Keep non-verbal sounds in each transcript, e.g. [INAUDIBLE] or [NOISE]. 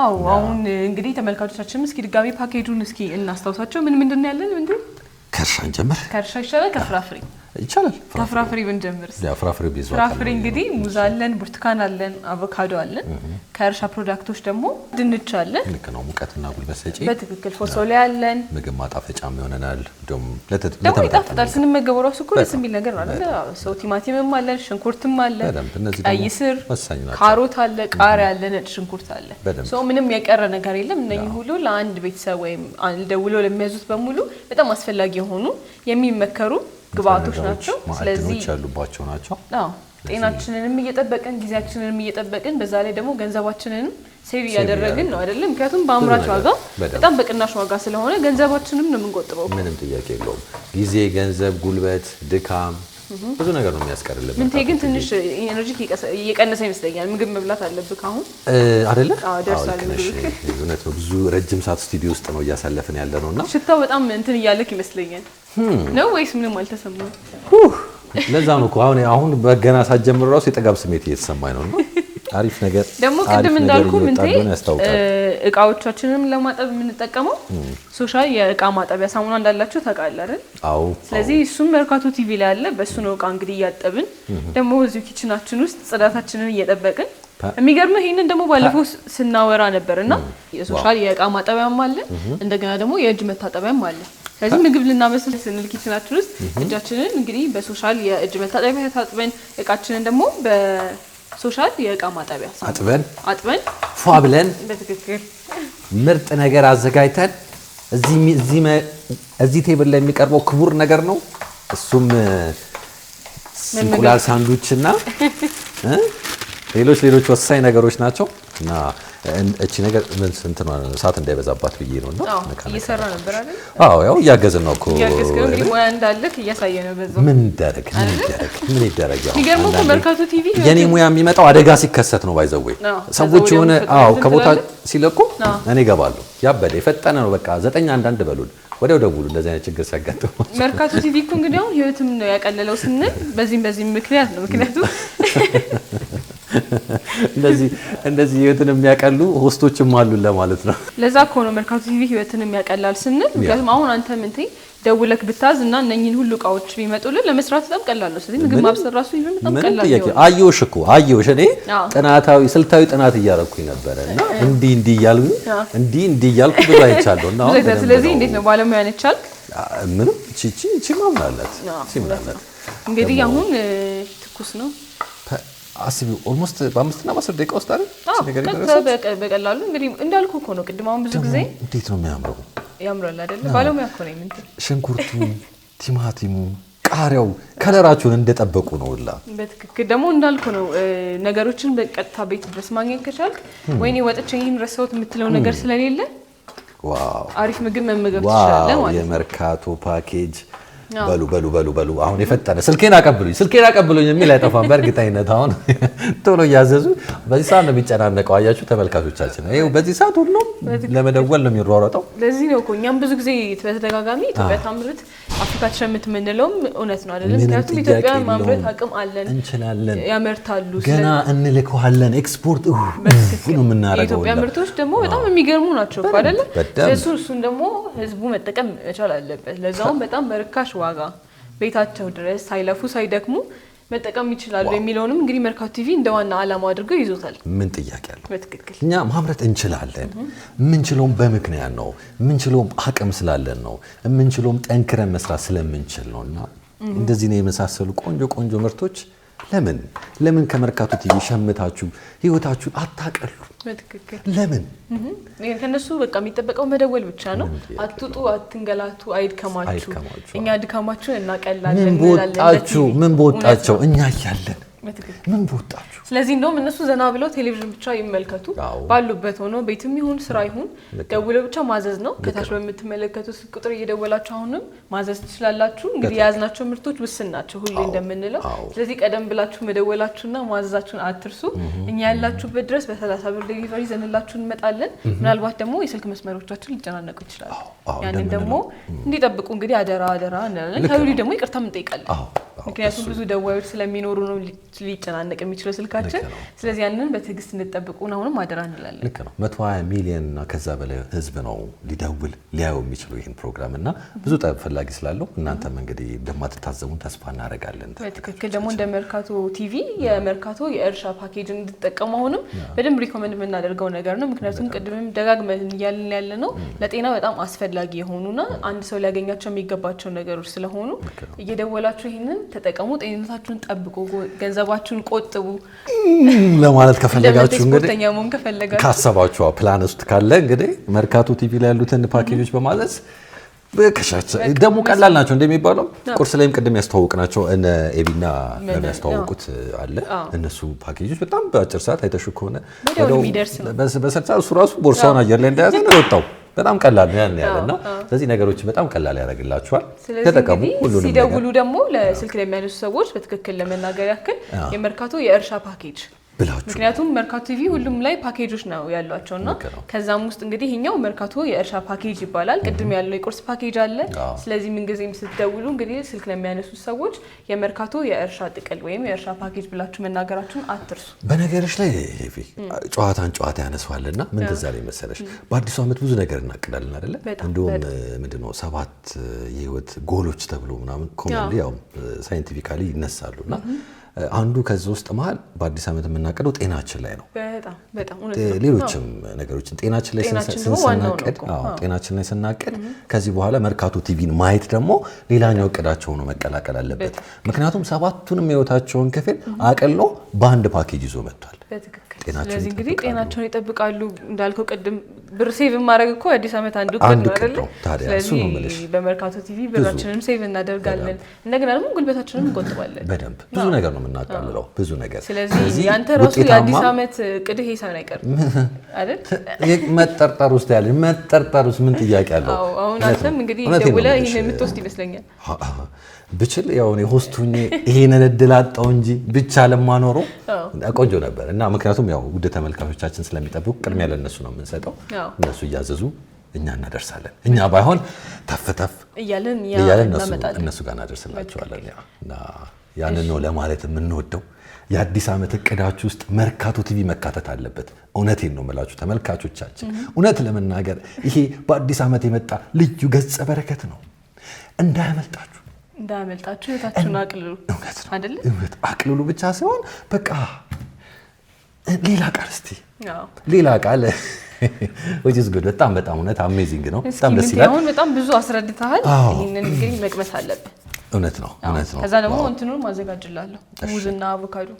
አዎ አሁን እንግዲህ ተመልካቾቻችንም እስኪ ድጋሚ ፓኬጁን እስኪ እናስታውሳቸው። ምን ምንድን ነው ያለን? እንዲሁ ከእርሻ እንጀምር። ከእርሻ ይሻላል ከፍራፍሬ ይቻላል። ከፍራፍሬ ብንጀምር ፍራፍሬ ፍራፍሬ እንግዲህ ሙዝ አለን፣ ብርቱካን አለን፣ አቮካዶ አለን። ከእርሻ ፕሮዳክቶች ደግሞ ድንች አለን። ልክ ነው። ሙቀትና ጉልበት ሰጪ በትክክል ፎሶሊያ አለን። ምግብ ማጣፈጫ ይሆነናል። ደግሞ ይጣፍጣል። ስንመገበው ራሱ እኮ ደስ የሚል ነገር ሰው ቲማቲምም አለን፣ ሽንኩርትም አለን፣ ቀይ ስር፣ ካሮት አለ፣ ቃሪያ አለ፣ ነጭ ሽንኩርት አለ። ምንም የቀረ ነገር የለም። እነኚህ ሁሉ ለአንድ ቤተሰብ ወይም ደውሎ ለሚያዙት በሙሉ በጣም አስፈላጊ የሆኑ የሚመከሩ ግብአቶች ናቸው። ስለዚህ ያሉባቸው ናቸው። ጤናችንንም እየጠበቅን ጊዜያችንንም እየጠበቅን በዛ ላይ ደግሞ ገንዘባችንንም ሴቭ እያደረግን ነው አይደለም። ምክንያቱም በአምራች ዋጋ በጣም በቅናሽ ዋጋ ስለሆነ ገንዘባችንም ነው የምንቆጥበው። ምንም ጥያቄ የለውም። ጊዜ፣ ገንዘብ፣ ጉልበት፣ ድካም ብዙ ነገር ነው የሚያስቀርልበት። ምንቴ ግን ትንሽ ኤነርጂ እየቀነሰ ይመስለኛል። ምግብ መብላት አለብህ አሁን አደለ? እውነት ነው። ብዙ ረጅም ሰዓት ስቱዲዮ ውስጥ ነው እያሳለፍን ያለ ነው እና ሽታው በጣም እንትን እያለክ ይመስለኛል hmm. ነው ወይስ ምንም አልተሰማም? ለዛ ነው አሁን አሁን በገና ሳትጀምር ራሱ የጥጋብ ስሜት እየተሰማኝ ነው ነው አሪፍ ነገር ደግሞ ቅድም እንዳልኩ ምንቴ እቃዎቻችንንም ለማጠብ የምንጠቀመው ሶሻል የእቃ ማጠቢያ ሳሙና እንዳላቸው ታውቃለህ አይደል? አዎ። ስለዚህ እሱም መርካቶ ቲቪ ላይ አለ። በእሱ ነው እቃ እንግዲህ እያጠብን ደግሞ እዚሁ ኪችናችን ውስጥ ጽዳታችንን እየጠበቅን የሚገርምህ ይህንን ደግሞ ባለፈው ስናወራ ነበር እና የሶሻል የእቃ ማጠቢያም አለ፣ እንደገና ደግሞ የእጅ መታጠቢያም አለ። ከዚህ ምግብ ልናበስል ስንል ኪችናችን ውስጥ እጃችንን እንግዲህ በሶሻል የእጅ መታጠቢያ ታጥበን እቃችንን ደግሞ ሶሻል የእቃ ማጠቢያ አጥበን አጥበን ፏ ብለን በትክክል ምርጥ ነገር አዘጋጅተን እዚህ ቴብል ላይ የሚቀርበው ክቡር ነገር ነው። እሱም እንቁላል ሳንዱች እና ሌሎች ሌሎች ወሳኝ ነገሮች ናቸው። እና እቺ ነገር ምን ስንት ሰዓት እንዳይበዛባት ብዬ ነው። እና እየሰራ ነበር አይደል? አዎ ያው እያገዝን ነው እኮ ሙያ እንዳለክ እያሳየ ነው። በዛ ምን ይደረግ ምን ይደረግ ምን ይደረግ። ያው እኮ መርካቶ ቲቪ የኔ ሙያ የሚመጣው አደጋ ሲከሰት ነው። ባይዘዌ ሰዎች የሆነ አዎ ከቦታ ሲለቁ እኔ እገባለሁ። ያበደ የፈጠነ ነው በቃ ዘጠኝ አንዳንድ በሉን ወዲያው ደውሉ። እንደዚህ አይነት ችግር ሲያጋጥሙ መርካቶ ቲቪ እኮ እንግዲህ አሁን ህይወትም ነው ያቀለለው ስንል በዚህም በዚህም ምክንያት ነው ምክንያቱም [LAUGHS] እንደዚህ ህይወትን የሚያቀሉ ሆስቶችም አሉ ለማለት ነው። ለዛ ከሆነ መርካቶ ቲቪ ህይወትን የሚያቀላል ስንል፣ ምክንያቱም አሁን አንተ ምንት ደውለክ ብታዝ እና እነኝን ሁሉ እቃዎች ቢመጡልን ለመስራት በጣም ቀላል ነው። ስለዚህ ምግብ ማብሰል ራሱ ይሁን በጣም ቀላል ነው። አየሁሽ እኮ አየሁሽ። እኔ ጥናታዊ ስልታዊ ጥናት እያረኩኝ ነበረ እና እንዲህ እንዲህ እያልኩ እንዲህ እንዲህ እያልኩ ብዙ አይቻለሁ እና ስለዚህ እንዴት ነው ባለሙያ ነች አልክ። ምንም ቺቺ ቺ ማምናለት ቺ ማምናለት እንግዲህ አሁን ትኩስ ነው አስቢው ኦልሞስት በአምስትና በአስር ደቂቃ ውስጥ አይደል? በቀላሉ እንግዲህ እንዳልኩ እኮ ነው ቅድም። አሁን ብዙ ጊዜ እንዴት ነው የሚያምረው? ያምራል አይደለ? ባለሙያ እኮ ነው። ሽንኩርቱ፣ ቲማቲሙ፣ ቃሪያው ከለራቸውን እንደጠበቁ ነው። ላ በትክክል ደግሞ እንዳልኩ ነው። ነገሮችን በቀጥታ ቤት ድረስ ማግኘት ከቻልክ ወይኔ ወጥቼ ይህን ረሳሁት የምትለው ነገር ስለሌለ አሪፍ ምግብ መመገብ ትችላለህ ማለት ነው። የመርካቶ ፓኬጅ በሉ በሉ በሉ በሉ አሁን የፈጠነ ስልኬን አቀብሉኝ ስልኬን አቀብሉኝ የሚል አይጠፋም። በእርግጠኝነት አሁን [LAUGHS] ቶሎ እያዘዙ በዚህ ሰዓት ነው የሚጨናነቀው። አያችሁ ተመልካቾቻችን፣ ይኸው በዚህ ሰዓት ሁሉም ለመደወል ነው የሚሯሯጠው። ለዚህ ነው እኮ እኛም ብዙ ጊዜ በተደጋጋሚ ኢትዮጵያ ታምርት አፍሪካ ትሸምት የምንለውም እውነት ነው አይደለም? ምክንያቱም ኢትዮጵያ ማምረት አቅም አለን፣ እንችላለን፣ ያመርታሉ፣ ገና እንልከዋለን። ኤክስፖርት ነው የምናደርገው። የኢትዮጵያ ምርቶች ደግሞ በጣም የሚገርሙ ናቸው አይደለም? እሱን ደግሞ ህዝቡ መጠቀም መቻል አለበት። ለዛውም በጣም በርካሽ ዋጋ ቤታቸው ድረስ ሳይለፉ ሳይደክሙ መጠቀም ይችላሉ የሚለውንም እንግዲህ መርካቶ ቲቪ እንደ ዋና ዓላማ አድርገው ይዞታል። ምን ጥያቄ አለ? በትክክል እኛ ማምረት እንችላለን። የምንችለውም በምክንያት ነው። የምንችለውም አቅም ስላለን ነው። የምንችለውም ጠንክረን መስራት ስለምንችል ነው እና እንደዚህ ነው የመሳሰሉ ቆንጆ ቆንጆ ምርቶች ለምን ለምን ከመርካቶ ቲቪ ሸምታችሁ ህይወታችሁን አታቀሉ በትክክል ለምን ከነሱ በቃ የሚጠበቀው መደወል ብቻ ነው። አትውጡ፣ አትንገላቱ፣ አይድከማችሁ። እኛ ድካማችሁን እናቀላለን። ምን በወጣችሁ ምን በወጣቸው እኛ እያለን ምን በወጣችሁ። ስለዚህ እንደውም እነሱ ዘና ብለው ቴሌቪዥን ብቻ ይመልከቱ። ባሉበት ሆኖ ቤትም ይሁን ስራ ይሁን ደውለው ብቻ ማዘዝ ነው። ከታች በምትመለከቱት ቁጥር እየደወላችሁ አሁንም ማዘዝ ትችላላችሁ። እንግዲህ የያዝናቸው ምርቶች ውስን ናቸው ሁሌ እንደምንለው። ስለዚህ ቀደም ብላችሁ መደወላችሁና ማዘዛችሁን አትርሱ። እኛ ያላችሁበት ድረስ በሰላሳ ብር ዴሊቨሪ ዘንላችሁ እንመጣለን። ምናልባት ደግሞ የስልክ መስመሮቻችን ሊጨናነቁ ይችላሉ። ያንን ደግሞ እንዲጠብቁ እንግዲህ አደራ አደራ እንላለን። ከሁሉ ደግሞ ይቅርታ እንጠይቃለን። ምክንያቱም ብዙ ደዋዮች ስለሚኖሩ ነው ሊጨናነቅ የሚችለው ስልካችን። ስለዚህ ያንን በትዕግስት ነው አሁንም አደራ እንላለን። ልክ ነው። መቶ ሀያ ሚሊየን እና ከዛ በላይ ህዝብ ነው ሊደውል ሊያዩ የሚችሉ ይህን ፕሮግራም እና ብዙ ጠብ ፈላጊ ስላለው እናንተም እንግዲህ እንደማትታዘቡን ተስፋ እናደርጋለን። ትክክል ደግሞ እንደ መርካቶ ቲቪ የመርካቶ የእርሻ ፓኬጅ እንድጠቀሙ አሁንም በደንብ ሪኮመንድ የምናደርገው ነገር ነው። ምክንያቱም ቅድምም ደጋግመን እያልን ያለ ነው ለጤና በጣም አስፈላጊ የሆኑና አንድ ሰው ሊያገኛቸው የሚገባቸው ነገሮች ስለሆኑ እየደወላችሁ ይህንን ተጠቀሙ፣ ጤንነታችሁን ጠብቁ፣ ገንዘባችሁን ቆጥቡ ለማለት ከፈለጋችሁ እንግዲህ መሆን ከፈለጋችሁ ካሰባችሁ ፕላን ውስጥ ካለ እንግዲህ መርካቶ ቲቪ ላይ ያሉትን ፓኬጆች በማዘዝ በከሻች ደግሞ ቀላል ናቸው እንደሚባለው ቁርስ ላይም ቅድም ያስተዋወቅ ናቸው እነ ኤቢና የሚያስተዋወቁት አለ። እነሱ ፓኬጆች በጣም በአጭር ሰዓት አይተሹ ከሆነ በሰዓት እሱ ራሱ ቦርሳውን አየር ላይ እንደያዘ ነው የወጣው። በጣም ቀላል ነው ያን ያለ እና ስለዚህ ነገሮችን በጣም ቀላል ያደርግላችኋል። ተጠቀሙ። ሁሉንም ሲደውሉ ደግሞ ለስልክ ለሚያነሱ ሰዎች በትክክል ለመናገር ያክል የመርካቶ የእርሻ ፓኬጅ ብላችሁ ምክንያቱም መርካቶ ቲቪ ሁሉም ላይ ፓኬጆች ነው ያሏቸው እና ከዛም ውስጥ እንግዲህ ይሄኛው መርካቶ የእርሻ ፓኬጅ ይባላል። ቅድም ያለው የቁርስ ፓኬጅ አለ። ስለዚህ ምንጊዜም ስትደውሉ እንግዲህ ስልክ ለሚያነሱት ሰዎች የመርካቶ የእርሻ ጥቅል ወይም የእርሻ ፓኬጅ ብላችሁ መናገራችሁን አትርሱ። በነገሮች ላይ ጨዋታን ጨዋታ ያነሷል እና ምን ትዝ አለኝ መሰለሽ በአዲሱ ዓመት ብዙ ነገር እናቅዳለን አይደለ? እንዲሁም ምንድን ነው ሰባት የህይወት ጎሎች ተብሎ ምናምን ኮመንሊ ያው ሳይንቲፊካሊ ይነሳሉ እና አንዱ ከዚህ ውስጥ መሀል በአዲስ ዓመት የምናቀደው ጤናችን ላይ ነው። ሌሎችም ነገሮችን ጤናችን ላይ ስናቅድ ጤናችን ላይ ስናቅድ ከዚህ በኋላ መርካቶ ቲቪን ማየት ደግሞ ሌላኛው እቅዳቸው ሆኖ መቀላቀል አለበት። ምክንያቱም ሰባቱንም የህይወታቸውን ክፍል አቅሎ በአንድ ፓኬጅ ይዞ መጥቷል። ስለዚህ እንግዲህ ጤናቸውን ይጠብቃሉ። እንዳልከው ቅድም ብር ሴቭ ማድረግ እኮ የአዲስ ዓመት አንዱ ቅድ ነው። ስለዚህ በመርካቶ ቲቪ ብራችንም ሴቭ እናደርጋለን፣ እንደገና ደግሞ ጉልበታችንም እንቆጥባለን። በደንብ ብዙ ነገር ነው የምናቃልለው፣ ብዙ ነገር። ስለዚህ ያንተ ራሱ የአዲስ ዓመት ቅድህ ሂሳብ አይቀርም [LAUGHS] አይደል? መጠርጠር ውስጥ ያለ መጠርጠር ውስጥ ምን ጥያቄ አለው? አሁን አንተም እንግዲህ ደውለህ ይህን የምትወስድ ይመስለኛል ብችል ያው እኔ ይሄንን እድል አጣው እንጂ ብቻ ለማኖሮ ቆንጆ ነበር እና ምክንያቱም ያው ውድ ተመልካቾቻችን ስለሚጠብቁ ቅድሚያ ለእነሱ ነው የምንሰጠው። እነሱ እያዘዙ እኛ እናደርሳለን። እኛ ባይሆን ተፍ ተፍ እያለን እነሱ ጋር እናደርስላቸዋለን። ያንን ነው ለማለት የምንወደው። የአዲስ ዓመት እቅዳችሁ ውስጥ መርካቶ ቲቪ መካተት አለበት። እውነቴን ነው የምላችሁ ተመልካቾቻችን፣ እውነት ለመናገር ይሄ በአዲስ ዓመት የመጣ ልዩ ገጸ በረከት ነው፣ እንዳያመልጣችሁ እንዳያመልጣችሁ ህይወታችሁን አቅልሉ። እውነት አይደለ አቅልሉ ብቻ ሲሆን በቃ ሌላ ቃል እስቲ ሌላ ቃል ወይስ [LAUGHS] ጉድ። በጣም በጣም እውነት አሜዚንግ ነው። በጣም ደስ ይላል። አሁን በጣም ብዙ አስረድተሃል። ይህንን ግን መቅመስ አለብን። እውነት ነው፣ እውነት ነው። ከዛ ደግሞ እንትኑን ማዘጋጅላለሁ ሙዝና አቮካዶ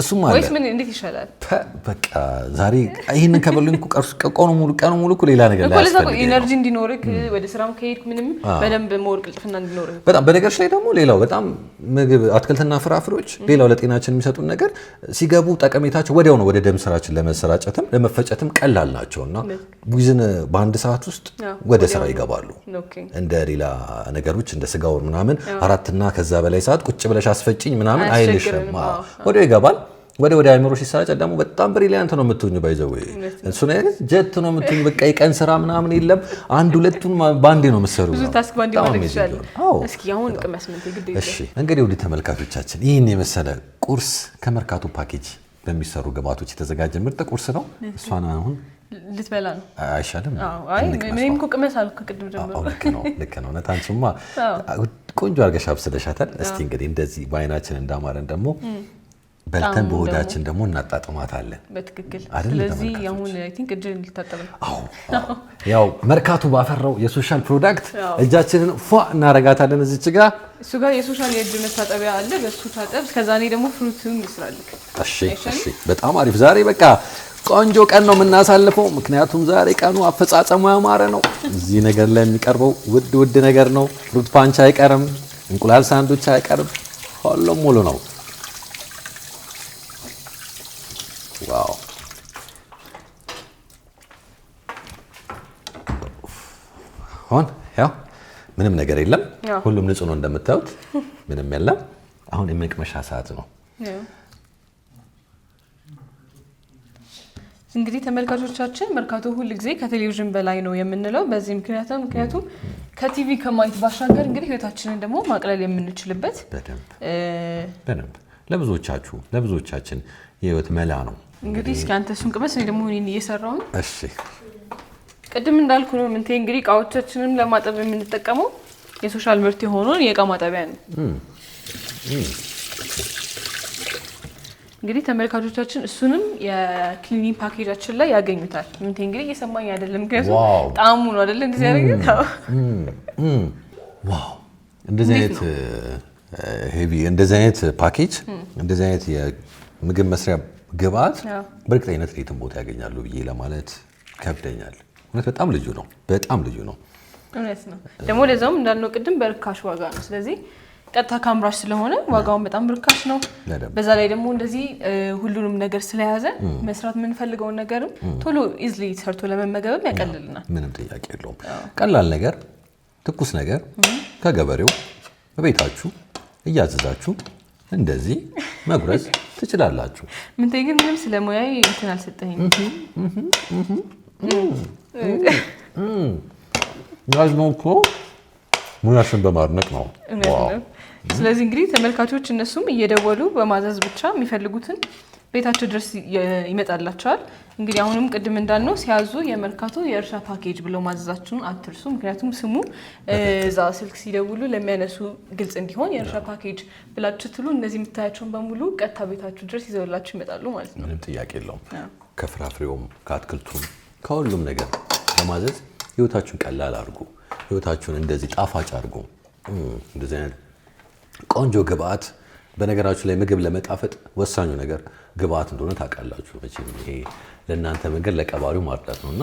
እሱም አለ ወይስ ምን እንዴት ይሻላል? በቃ ዛሬ ይሄንን ከበሉኝ እኮ ቀኑ ሙሉ ቀኑ ሙሉ እኮ ሌላ ነገር ላይ ኢነርጂ እንዲኖርክ ወደ ስራም ከሄድክ ምንም በደንብ መወር ቅልጥፍና እንዲኖርህ በጣም በነገሮች ላይ ደግሞ ሌላው በጣም ምግብ አትክልትና ፍራፍሬዎች ሌላው ለጤናችን የሚሰጡን ነገር ሲገቡ ጠቀሜታቸው ወዲያው ነው ወደ ደም ስራችን ለመሰራጨትም ለመፈጨትም ቀላል ናቸውና ቡዝን በአንድ ሰዓት ውስጥ ወደ ስራ ይገባሉ። እንደ ሌላ ነገሮች እንደ ስጋው ምናምን አራትና ከዛ በላይ ሰዓት ቁጭ ብለሽ አስፈጭኝ ምናምን አይልሽም። ወዲያው ይገባል። ወደ ወደ አይምሮ ሲሰራጨ ደግሞ በጣም ብሪሊያንት ነው የምትሆኙ። ባይዘው እሱ አይነት ጀት ነው የምትሆኙ። በቃ የቀን ስራ ምናምን የለም። አንድ ሁለቱን ባንዴ ነው የምትሰሩ። እንግዲህ ውድ ተመልካቾቻችን ይህን የመሰለ ቁርስ ከመርካቶ ፓኬጅ በሚሰሩ ግብአቶች የተዘጋጀ ምርጥ ቁርስ ነው። እሷን አሁን ልትበላ ነው አይሻልም? እኔም እኮ ቅመስ አልኩ ቅድም ጀምሮ። ልክ ነው። ልክ ነው። አንቺማ ቆንጆ አድርገሽ አብስለሻታል። እስቲ እንግዲህ እንደዚህ በአይናችን እንዳማረን ደግሞ በልተን በሆዳችን ደግሞ እናጣጥማታለን። በትክክል ስለዚህ አሁን ያው መርካቱ ባፈራው የሶሻል ፕሮዳክት እጃችንን ፏ እናረጋታለን። እዚች ጋ እሱ ጋር የሶሻል የእጅ መታጠቢያ አለ፣ በሱ ታጠብ። ከዛ እኔ ደግሞ ፍሩትም ይስራልክ። እሺ፣ እሺ፣ በጣም አሪፍ። ዛሬ በቃ ቆንጆ ቀን ነው የምናሳልፈው፣ ምክንያቱም ዛሬ ቀኑ አፈጻጸሙ ያማረ ነው። እዚህ ነገር ላይ የሚቀርበው ውድ ውድ ነገር ነው። ፍሩት ፓንች አይቀርም፣ እንቁላል ሳንዱች አይቀርም፣ ሁሉም ሙሉ ነው። well. አሁን ያው ምንም ነገር የለም፣ ሁሉም ንጹህ ነው እንደምታዩት፣ ምንም የለም። አሁን የመቅመሻ ሰዓት ነው። እንግዲህ ተመልካቾቻችን መርካቶ ሁል ጊዜ ከቴሌቪዥን በላይ ነው የምንለው በዚህ ምክንያት ነው። ምክንያቱም ከቲቪ ከማየት ባሻገር እንግዲህ ህይወታችንን ደግሞ ማቅለል የምንችልበት በደንብ ለብዙዎቻችሁ ለብዙዎቻችን የህይወት መላ ነው እንግዲህ እስኪ አንተ እሱን ቅመስ፣ እኔ ደግሞ እኔን እየሰራው ነው። እሺ ቅድም እንዳልኩ ነው ምንቴ እንግዲህ እቃዎቻችንን ለማጠብ የምንጠቀመው የሶሻል ምርት የሆነውን የእቃ ማጠቢያ ነው። እንግዲህ ተመልካቾቻችን እሱንም የክሊኒን ፓኬጃችን ላይ ያገኙታል። ምንቴ እንግዲህ እየሰማኝ አይደለም፣ ምክንያቱም ጣዕሙ ነው አይደለ እንደዚህ ዋው! እንደዚህ አይነት ሄቪ እንደዚህ አይነት ፓኬጅ እንደዚህ አይነት የምግብ መስሪያ ግብዓት በእርግጠኝነት የትም ቦታ ያገኛሉ ብዬ ለማለት ከብደኛል። እውነት በጣም ልዩ ነው፣ በጣም ልዩ ነው። እውነት ነው ደግሞ ለዛውም እንዳልነው ቅድም በርካሽ ዋጋ ነው። ስለዚህ ቀጥታ ከአምራች ስለሆነ ዋጋውን በጣም ርካሽ ነው። በዛ ላይ ደግሞ እንደዚህ ሁሉንም ነገር ስለያዘ መስራት የምንፈልገውን ነገርም ቶሎ ኢዝሊ ሰርቶ ለመመገብም ያቀልልናል። ምንም ጥያቄ የለውም። ቀላል ነገር፣ ትኩስ ነገር ከገበሬው በቤታችሁ እያዘዛችሁ እንደዚህ መጉረዝ ትችላላችሁ። ምን ግን ምንም ስለ ሙያዬ እንትን አልሰጠኝ። ያዝነው እኮ ሙያሽን በማድነቅ ነው። ስለዚህ እንግዲህ ተመልካቾች እነሱም እየደወሉ በማዘዝ ብቻ የሚፈልጉትን ቤታቸው ድረስ ይመጣላቸዋል። እንግዲህ አሁንም ቅድም እንዳልነው ሲያዙ የመርካቶ የእርሻ ፓኬጅ ብለው ማዘዛችሁን አትርሱ። ምክንያቱም ስሙ እዛ ስልክ ሲደውሉ ለሚያነሱ ግልጽ እንዲሆን የእርሻ ፓኬጅ ብላችሁ ትሉ፣ እነዚህ የምታያቸውን በሙሉ ቀጥታ ቤታችሁ ድረስ ይዘውላችሁ ይመጣሉ ማለት ነው። ምንም ጥያቄ የለውም። ከፍራፍሬውም ከአትክልቱም ከሁሉም ነገር ለማዘዝ ህይወታችሁን ቀላል አድርጉ። ህይወታችሁን እንደዚህ ጣፋጭ አድርጉ። እንደዚህ አይነት ቆንጆ ግብአት በነገራችሁ ላይ ምግብ ለመጣፈጥ ወሳኙ ነገር ግብአት እንደሆነ ታውቃላችሁ። መቼም ይሄ ለእናንተ መንገድ ለቀባሪው ማርዳት ነው እና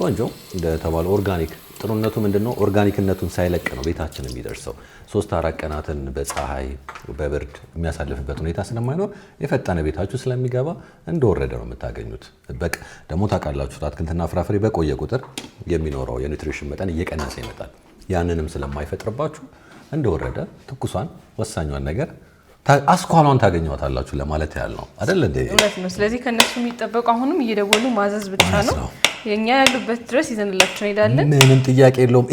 ቆንጆ እንደተባለ ኦርጋኒክ ጥሩነቱ ምንድነው? ኦርጋኒክነቱን ሳይለቅ ነው ቤታችን የሚደርሰው። ሶስት አራት ቀናትን በፀሐይ በብርድ የሚያሳልፍበት ሁኔታ ስለማይኖር የፈጠነ ቤታችሁ ስለሚገባ እንደወረደ ነው የምታገኙት። በቅ ደግሞ ታውቃላችሁ አትክልትና ፍራፍሬ በቆየ ቁጥር የሚኖረው የኒትሪሽን መጠን እየቀነሰ ይመጣል። ያንንም ስለማይፈጥርባችሁ እንደወረደ ትኩሷን ወሳኟን ነገር አስኳሏን ታገኘዋታላችሁ ለማለት ያህል ነው አይደል? እውነት ነው። ስለዚህ ከእነሱ የሚጠበቁ አሁንም እየደወሉ ማዘዝ ብቻ ነው። የእኛ ያሉበት ድረስ ይዘንላቸው እንሄዳለን። ምንም ጥያቄ የለውም።